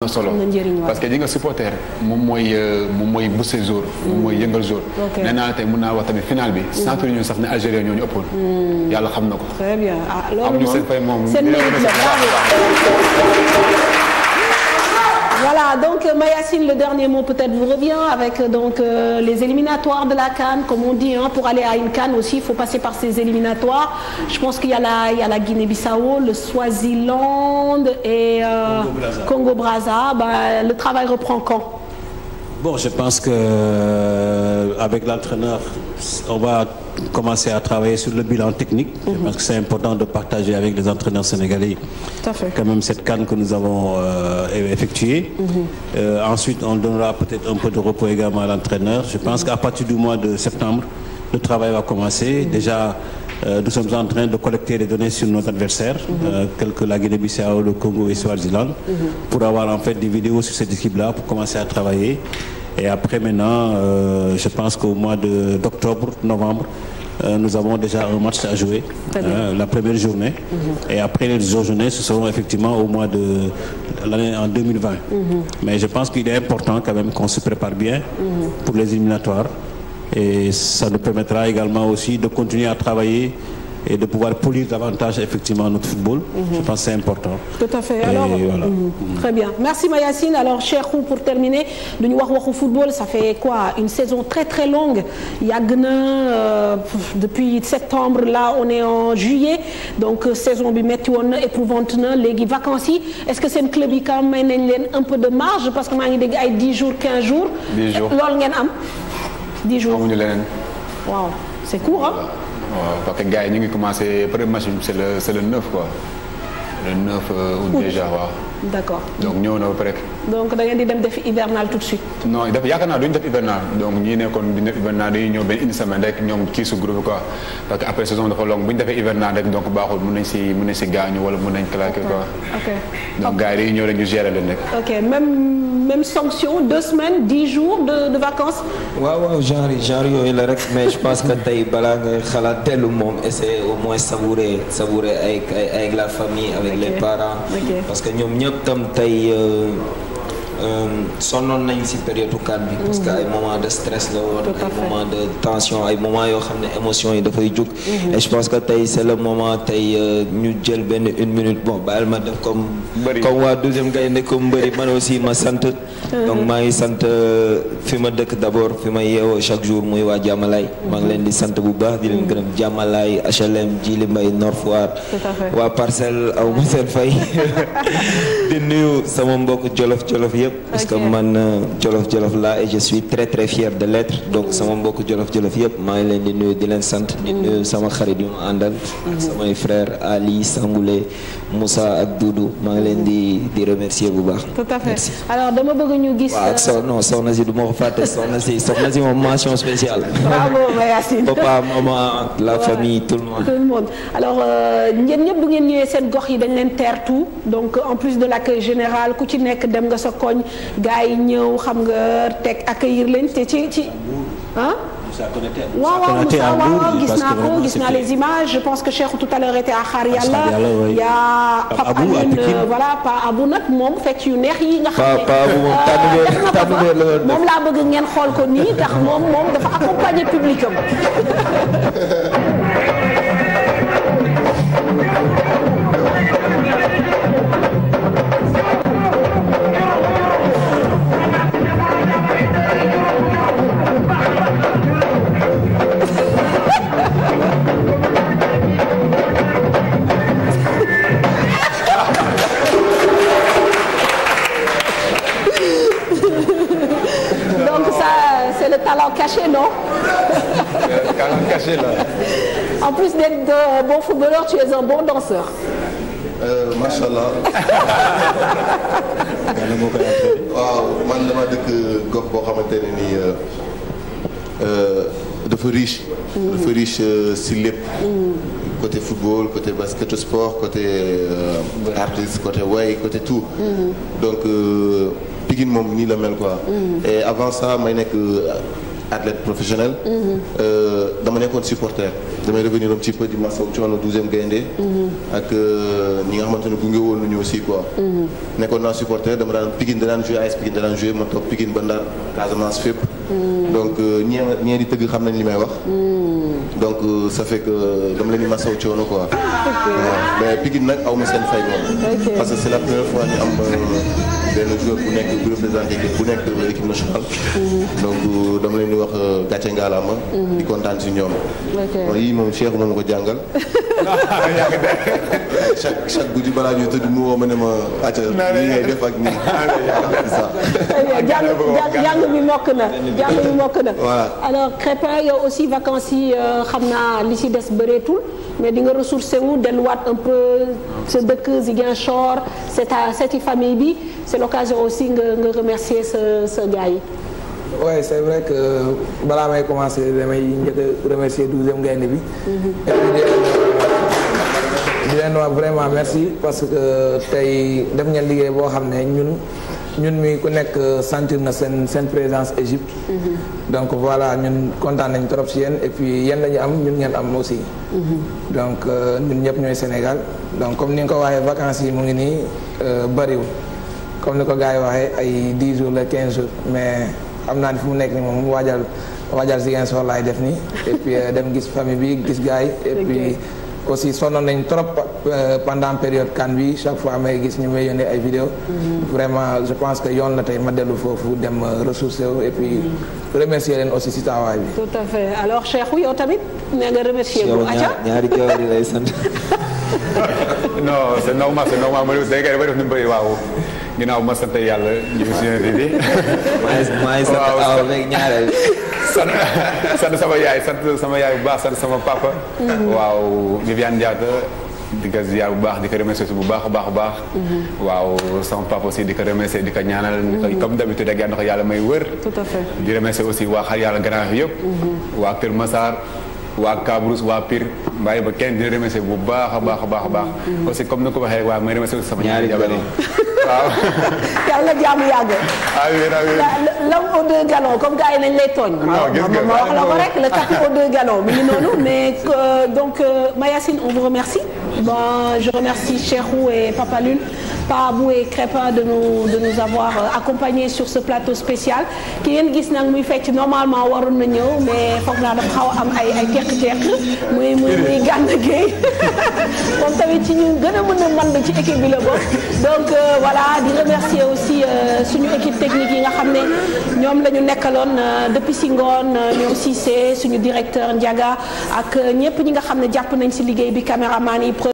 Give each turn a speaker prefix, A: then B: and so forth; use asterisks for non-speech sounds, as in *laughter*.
A: na solo parce que ñi nga supporter moom mooy euh, moom mooy bousser jour moom mooy mm. yëngal jour nee naa tey mun naa wax tamit final bi mm. sentir ñu sax ne Algérie ñoo ñu ëppoon mm. yàlla xam na ko
B: très bien ah
A: loolu moom seen mérite la
B: Mayassine, le dernier mot euh, euh, de la Cannes, pour aller aussi, il faut passer par ces éliminatoires. Je pense qu'il y a la, Guinée-Bissau, le Swaziland et euh, Congo-Braza. le travail reprend quand
C: je pense que euh, avec l'entraîneur, on va commencer à travailler sur le bilan technique. Mm -hmm. Je pense que c'est important de partager les entraîneurs sénégalais. Quand même cette canne que nous effectuer. Euh, ensuite, on donnera peut-être un peu de repos également à l'entraîneur. Je pense qu'à partir du mois de septembre, le travail va commencer. Déjà, euh, nous sommes en train de collecter les données sur nos adversaires, mm -hmm. euh, tels que la Guinée-Bissau, le Congo et Swaziland, mm -hmm. pour avoir en fait des vidéos sur cette équipe-là, pour commencer à travailler. Et après maintenant, euh, je pense qu'au mois d'octobre, novembre, Euh, nous avons déjà un match à jouer euh, la première journée mhm. et après les deux journées ce seront effectivement au mois de l'année en 2020 mhm. mais je pense qu'il est important quand même qu'on se prépare bien mhm. pour les éliminatoires et ça nous permettra également aussi de continuer à travailler et de pouvoir polir davantage effectivement notre football. Mhm. Je pense que c'est important.
B: Tout à fait. Mhm. Très bien. Merci Mayacine. Alors Cheikhou pour terminer dañu wax waxu football ça fait une saison très très longue yàgg na euh, depuis septembre là on est en juillet donc euh, saison bi metti woon na éprouvante na léegi vacances yi est-ce que seen club yi quand may nañ leen un parce que maa ngi dégg ay 10 jours 15 jours. 10 jours loolu ngeen am 10 jours c'est court
A: waaw parce que gars yi ñu ngi commencé premier match bi c'est le c'est le neuf quoi le neuf août euh, déjà waaw.
B: d' accord donc ñëw na ba pare. donc da ngeen di dem def hivernal tout de suite.
A: non def yaakaar def hivernal donc ñi nekkoon di def hivernal dañuy ñëw benn une semaine rek ñoom kii groupe quoi parce que après saison dafa long ñu defee hivernal rek donc baaxul mun nañ si mun wala mun nañ claquer quoi. donc gars yi dañuy rek ñu gérer rek.
B: ok sanction deux semaines dix jours de vacances.
A: waaw waaw genre genre
D: yooyu la rek mais je pense que tey balaa nga xalaat tellu moom essayer au moins savourer savourer avec avec la famille avec les parents. parce ñëpp tam tey Euh, sonnoon nañ si période kan bi. Mm. parce que ay moment de stress la woon. ay moment de tension ay moment yoo xam ne émotion yi dafay jug. Mm-hmm. et je pense que tey c' le moment tey euh, ñu jël benn une minute bon baal ma def comme. comme waa deuxième gaynde ko mbëri man aussi ma sant. Mm-hmm. donc maa ngi sant euh, fi ma dëkk d' abord fi may yeewoo chaque jour muy waa Jàmmalaay. Mm-hmm. maa ngi leen di sant bu baax di leen gërëm Jàmmalaay HLM Djily Mbaye Nord Foire. waa parcelle aw ma seen fay di nuyu sama parce que man euh, jolof jolof laa et je suis très très fier de l'être donc sama mbokk jolof jolof yëpp maa ngi leen di nuyu di leen sant di nuyu mm. sama xarit yu ma àndal mm-hmm. samay frère Ali Sangoulé Moussa ak Doudou maa ngi leen di di remercier bu baax.
B: tout à fait Merci. alors dama bëgg ñu gis. waaw ak
D: soxna euh, si du ma ko fàtte soxna si soxna si moom mention spéciale. bravo Mayacine papa maman la famille tout le monde. tout
B: le monde alors ñenn euh, bu ngeen ñëwee seen gox yi dañ leen teertu donc en plus de l' accueil général ku ci nekk dem nga sa koñ gars yi ñëw xam nga teg accueillir leen te ci ci ah?
C: waaw waaw a waaw waaw gis ko gis les
B: images je pense que Cheikh tout à l'heure était à Xaar a yaa Pape Aline voilà Pa Abou nag moom fecc yu yi nga xam
A: ne moom
B: euh, bëgg ngeen xool ko nii tax moom moom dafa accompagner *laughs* en cachet, non En cachet, là. En plus d'être un euh, bon footballeur, tu es un bon danseur.
E: Euh, macha allah. yàlla moo koy àttee. waaw man dama dëkk gox boo xamante ne nii euh, euh, dafa riche. Mm. dafa riche si lépp. Mm. côté football côté basket sport côté artiste côté way côté tout. Mm. donc Pikine moom nii la mel quoi. et avant ça may nekk. athlète professionnel. Mhm. Euh, dama nekkoon supporter damay revenir un petit peu di masawu ci wàllu douzième gaynde mhm. ak euh, ñi nga xamante ne gunge woon nañu aussi quoi. Mhm. nekkoon naa supporter dama daan Pikine danaan joué AS Pikine danaan joué ma toog Pikine ba Ndar Casamance fépp. Mm. donc euh, ñeema ñee di tëgg xam nañ li may wax. Mm. donc euh, ça fait que euh, dama leen di masaw coono quoi. waaw *laughs* mais Pikine nag aw ma seen fay parce que c'est la première fois ñu am. benn joueur bu nekk bu représenté équipe bu nekk équipe nationale. Mm. donc dama leen di wax gàcce ngaalaama. di kontaan si ñoom. ok yii moom Cheikh moom ko jàngal. *laughs* *laughs* chaque chaque guddi balaa ñuy tëdd mu woo ma ne ma acca. nii ngay def ak nii. jàng bi mokk na. jàng yi mokk na.
B: alors Crépin yow aussi vacances yi euh, xam naa li ci des bëreetul mais di nga ressourcé wu delluwaat un peu sa dëkk Ziguinchor c'est à cette famille bi c'est l'occasion aussi nga nga remercier sa sa gars yi.
D: oui c'est vrai que balaa may commencer damay njëkk a remercier douzième gaynde bi. Mhm. di leen wax vraiment merci parce que tey def ngeen liggéey boo xam ne ñun. ñun mi ku nekk sentir na seen seen présence Égypte. Mm-hmm. donc voilà ñun kontaan nañ trop si yéen et puis la ñu am ñun ngeen am aussi. Mm-hmm. donc euh, ñun ñëpp ñooy Sénégal donc comme ni nga ko waxee vacances yi mu ngi nii euh, bariwul comme ni ko gars yi waxee ay 10 jours la quinze jours mais xam naa ni fu mu nekk nii moom mu waajal waajal si ngeen soxlaay def nii et euh, dem gis famille bi gis gars yi aussi sonnoon nañ trop euh, pendant période kan bi chaque fois may gis ñu may yónnee ay vidéo mm-hmm. vraiment je pense que yoon la tey ma dellu foofu dem euh, ressourcer wu et puis mm-hmm. remercier leen aussi si taawaay bi. tout
B: à fait alors Cheikhou yow tamit nee nga remercier bu aca
A: ñaari jabar yi lay sant. *laughs* non c'est normal c'est normal ma dégg nga dama def ni mu bëri waaw ginnaaw ma sant yàlla ñu ngi si yéen a ngi.
D: maa ngi sant aw léegi ñaareel.
A: sant sant sama yaay sant sama yaay bu baax sant sama papa. waaw Viviane Diatta di ko ziar bu baax di ko remercier bu baax a baax a baax. waaw sama papa aussi di ko remercier di ko ñaanal. Mhm. comme d'habitude rek yàlla na ko yàlla may wër. di remercier aussi waa xar yàlla grand yëpp. Mhm. waa Kër Massar. waa Kabrousse waa Pire mbaayi ba kenn dina remercier bu baax a baax a baax a baax aussi comme na ko waxee waaw may remercier aussi sama ma wax
B: euh, euh, on vous remercie je remercie Cheikhou et Papa Lune Pa Boué Crépin de nous de nous avoir euh, accompagné sur ce plateau spécial ki ngeen gis nag muy fecc normalement waroon na ñëw mais foog naa dafa xaw am ay ay teq-teq muy muy muy *laughs* gànn géey moom *laughs* tamit ci ñu gën a mën a mën ci équipe bi la bokk donc euh, voilà di remercier aussi euh, suñu équipe technique yi nga xam ne ñoom la ñu nekkaloon depuis si ngoon ñoom Cissé suñu directeur Ndiaga ak ñëpp ñi nga xam ne jàpp nañ si liggéey bi caméraman yi